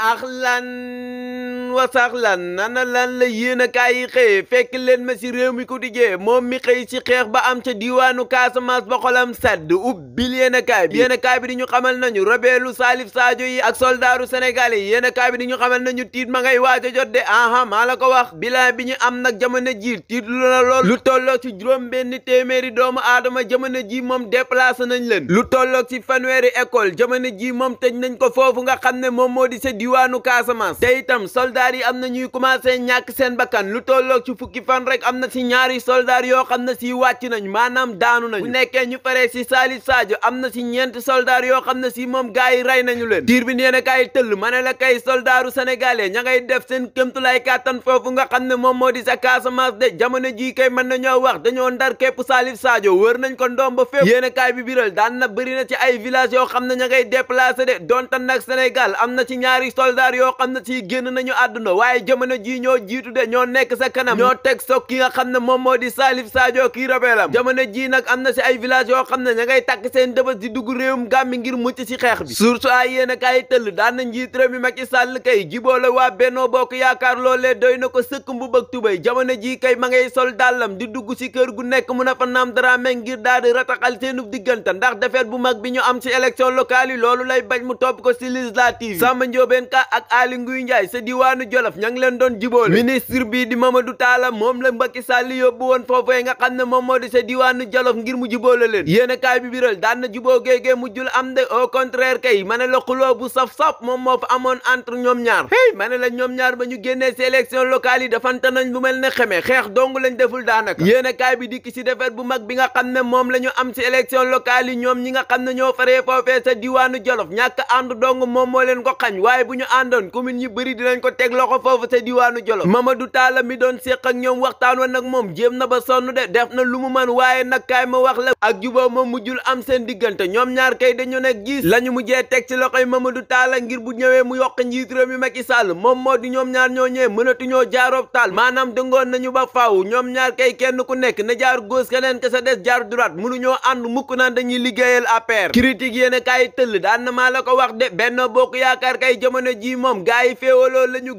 أغلى wa sahlan nana la yéen a kaay yi xëye fekk leen ma si réew mi quotidien moom mi xëy si xeex ba am ca diiwaanu Casamance ba xolam sadd ubbil yéen a kaay bi yéen a kaay di ñu xamal nañu robeelu Salif Sadio yi ak soldaaru Sénégal yi yéen a kaay bi di ñu xamal nañu tiit ma ngay waaj a jot de aha maa bi ñu am nag jamono ji tiit lu na lool lu tolloog si juróom benn téeméeri doomu aadama jamono ji moom déplacé nañ leen lu tolloog si fanweeri ecole jamono ji moom tëj nañ ko foofu nga xam ne moom moo di sa diiwaanu Casamance te itam soldaar yi am na ñuy commencé ñàkk seen bakkan lu tolloog ci fukki fan rek am na si ñaari soldaar yoo xam ne si wàcc nañ maanaam daanu nañ bu nekkee ñu paree si Salif Sadio am na si ñeenti soldaar yoo xam ne si moom gars yi rey nañu leen diir bi nee na kaay tëll ma ne la kay soldaaru sénégalais ña ngay def seen kémtulaay kàttan foofu nga xam ne moom moo di sa kaasa Casamance de jamono jii kay mën nañoo wax dañoo ndar képp Salif saajo wër nañ ko ndoom ba fépp yéen bi biral daan na bëri na ci ay village yoo xam ne ña ngay déplacé de donte nag Sénégal am na ci ñaari soldaar yoo xam ne si génn àdduna waaye jamono ji ñoo jiitu de ñoo nekk sa kanam ñoo teg soog ki nga xam ne moom moo di Salif Sadio kii rabeelam jamono ji nag am na si ay village yoo xam ne ña ngay tàkk seen dëbës di dugg réewum gàmmi ngir mucc si xeex bi su ay yéen a kaay tëll daan na njiit réew mi Macky Sall kay jiboo la waa Benno Bokk Yaakaar loolee doy na ko sëkk mbu bëgg tubay jamono ji kay ma ngay sol dàllam di dugg ci kër gu nekk mu a fa naam dara me ngir daal di rataxal seenub diggante ndax defet bu mag bi ñu am si élection yi loolu lay bañ mu topp ko si législative Samba Ndiobène Ka ak Aly Ngouille diwaanu Jolof ña ngi leen doon jiboole ministre bii moom la Macky Sall yóbbu woon foofee nga xam ne moom moo di sa diwaanu Jolof ngir mu jiboole leen yéen a kaay bi biral daan na juboo géegee mujjul la xuloo bu saf-saf moom daanaka yéen bi dikk si defet bu mag bi nga xam ne moom la ñu am si élection locale yi ñoom ñi nga xam ne ñoo faree foofee sa diwaanu Jolof ñàkk ànd dong moom moo leen ko xañ waaye bu ñu àndoon commune yi bëri dinañ ko teg teg loxo foofu sa diwaanu Jolof Mamadou Talla mi doon séq ak ñoom waxtaan wa nag moom jéem na ba sonn de def na lu mu mën waaye nag kaay ma wax la ak juboo ma mujjul am seen diggante ñoom ñaar kay dañu ne gis la ñu mujjee teg ci loxoy Mamadou Talla ngir bu ñëwee mu yokk njiit réew mi Macky Sall moom moo di ñoom ñaar ñoo ñëwee mënatuñoo jaaroob taal maanaam dëngoon nañu ba faaw ñoom ñaar kay kenn ku nekk na jaar gauche keneen ke sa des jaar droite mënuñoo ànd mukk naan dañuy liggéeyal APR critique yéen a kaay tëll daan na maa la ko wax de benn bokk yaakaar kay jamono ji moom gaay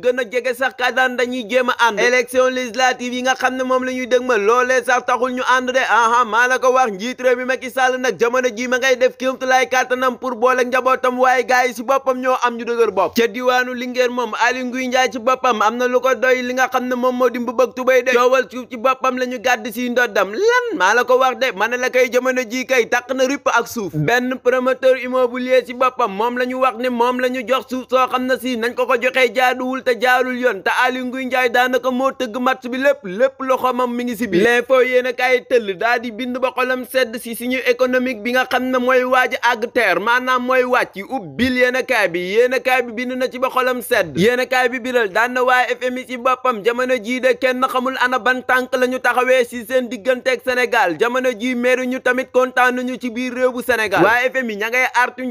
gën a jege sax ka dañuy jéem a ànd élection législative yi nga xam ne moom la ñuy dëgmal loolee sax taxul ñu ànd de aha maa la ko wax njiit réew mi Macky Sall nag jamono ji ma ngay def kéemtulaay kàttanam pour boole njabootam waaye gars yi si boppam ñoo am ñu dëgër bopp ca diwaanu Linguère moom Aly Ngouille ci boppam am na lu ko doy li nga xam ne moom moo di mbubëg tubay de coowal suuf ci boppam la ñu gàdd si ndoddam lan maa la ko wax de ma ne la koy jamono ji kay tàq na ripp ak suuf benn promoteur immobilier si boppam moom la ñu wax ne moom la ñu jox suuf soo xam si nañ ko ko joxee jaaduwul te jaarul yoon te Aly Ngouille Ndiaye daanaka moo tëgg match bi lépp lépp loxoomam mi ngi si biir l'info yéen a kaay tëll daa di bind ba xolam sedd si suñu économique bi nga xam ne mooy waaj àgg terre maanaam mooy wàcc ubbil yéen a kaay bi yéen a kaay bi bind na ci ba xolam sedd yéen a kaay bi biral daan na waa FMI si boppam jamono jii de kenn xamul ana ban tànk la ñu taxawee si seen digganteeg Sénégal jamono jii meeru ñu tamit kontaan nañu ci biir réew bu Sénégal waa FMI ña ngay artu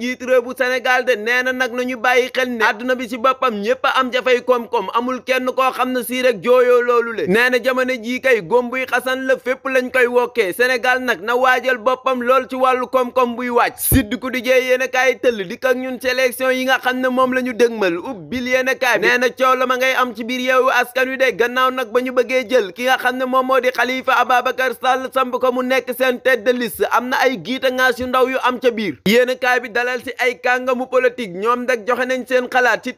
na nag nañu bàyyi xel ne koom-koom amul kenn koo xam ne sii rek jooyoo loolu le nee na jamono jii kay góombuy xasan la fépp lañ koy wokkee Sénégal nag na waajal boppam lool ci wàllu koom-koom buy wàcc sidd ko di jee yéen a kaay tëll dikk ak ñun sélection yi nga xam ne moom la ñu dëgmal ubbil yéen a kaay nee na coow la ma ngay am ci biir yeewu askan wi de gannaaw nag ba ñu bëggee jël ki nga xam ne moom moo di Khalifa Ababacar Sall samb ko mu nekk seen tête de am na ay giita ngaas yu ndaw yu am ca biir yéen a kaay si ay kàngamu politique ñoom nag joxe nañ seen xalaat ci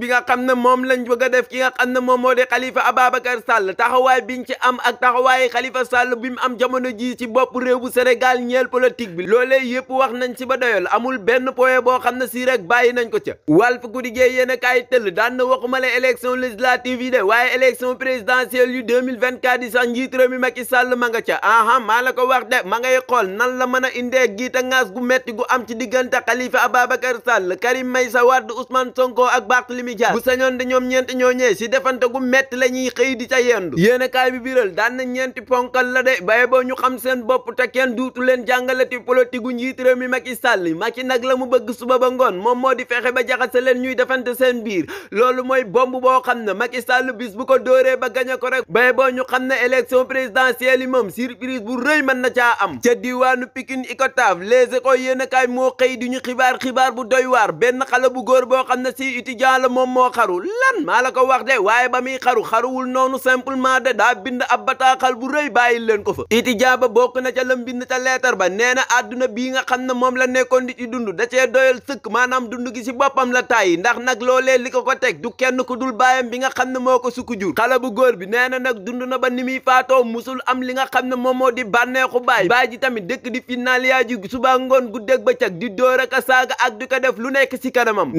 bi nga xam moom lañ bëgg a def ki nga xam ne moom moo di Khalifa Ababacar Sall taxawaay biñ ci am ak taxawaayi Khalifa Sall bi mu am jamono ji ci bopp réew bu Sénégal ñeel politique bi loolee yëpp wax nañ ci ba doyal amul benn point boo xam ne si rek bàyyi nañ ko ca Walf Quotidien yéen a kaay tëll daan na waxumale élection législative yi de waaye élection présidentielle yu 2024 yi sax njiit réew mi Macky Sall ma nga ca aha maa la ko wax de ma ngay xool nan la mën a indee giita ngaas gu metti gu am ci diggante Khalifa Ababacar Sall Karim Meïssa Wade Ousmane Sonko ak Barthélémy Dias bu ànd ñoom ñeenti ñoo ñee si defante gu metti la ñuy xëy di ca yendu yéene kaay bi biral daan na ñeenti ponkal la de baye boo ñu xam seen bopp te kenn duutu leen jàngalati politique gu njiit réew mi Macky Sall Macky nag la mu bëgg suba ba ngoon moom moo di fexe ba jaxase leen ñuy defante seen biir loolu mooy bomb boo xam ne Macky Sall bis bu ko dooree ba gañ ko rek baye boo ñu xam ne élection présidentielle yi moom surprise bu rëy mën na caa am ca diwaanu Pikine Icotaf Les Échos yéene moo xëy di ñu xibaar xibaar bu doy waar benn xale bu góor boo xam ne si étudiant la moom moo xaru lan maa la ko wax de waaye ba muy xaru xaruwul noonu simplement de daa bind ab bataaxal bu rëy bàyyi leen ko fa iti jaaba bokk na ca lam bind ca leetar ba nee na àdduna bii nga xam ne moom la nekkoon di ci dund da cee doyal sëkk maanaam dund gi si boppam la tàyyi ndax nag loolee li ko ko teg du kenn ku dul baayam bi nga xam ne moo ko sukku jur xale bu góor bi nee na nag dund na ba ni muy faatoo musul am li nga xam ne moom moo di bànneexu baay baay ji tamit dëkk di finaal yaa ji suba ngoon guddeeg bëccëg di dóor ak a saaga ak di ko def lu nekk si kanamam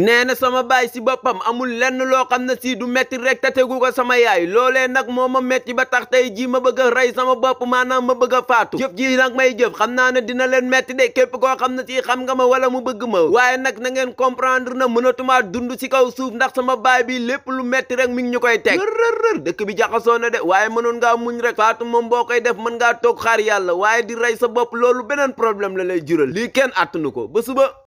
loo xam ne si du métti rek te tegu sama yaay loolee nag moo ma métti ba tax tey ji ma bëgg rey sama bopp maanaam ma bëgg faatu jëf ji nag may jëf xam naa ne dina leen métti de képp koo xam na si xam nga ma wala mu bëgg ma waaye nag na ngeen comprendre na mënatumaa dund si kaw suuf ndax sama baay bi lépp lu métti rek mi ñu koy teg rërrër dëkk bi jaxasoo na de waaye mënoon ngaa muñ rek faatu moom boo koy def mën ngaa toog xar yàlla waaye di rey sa bopp loolu beneen problème la lay jural lii kenn nu ko ba suba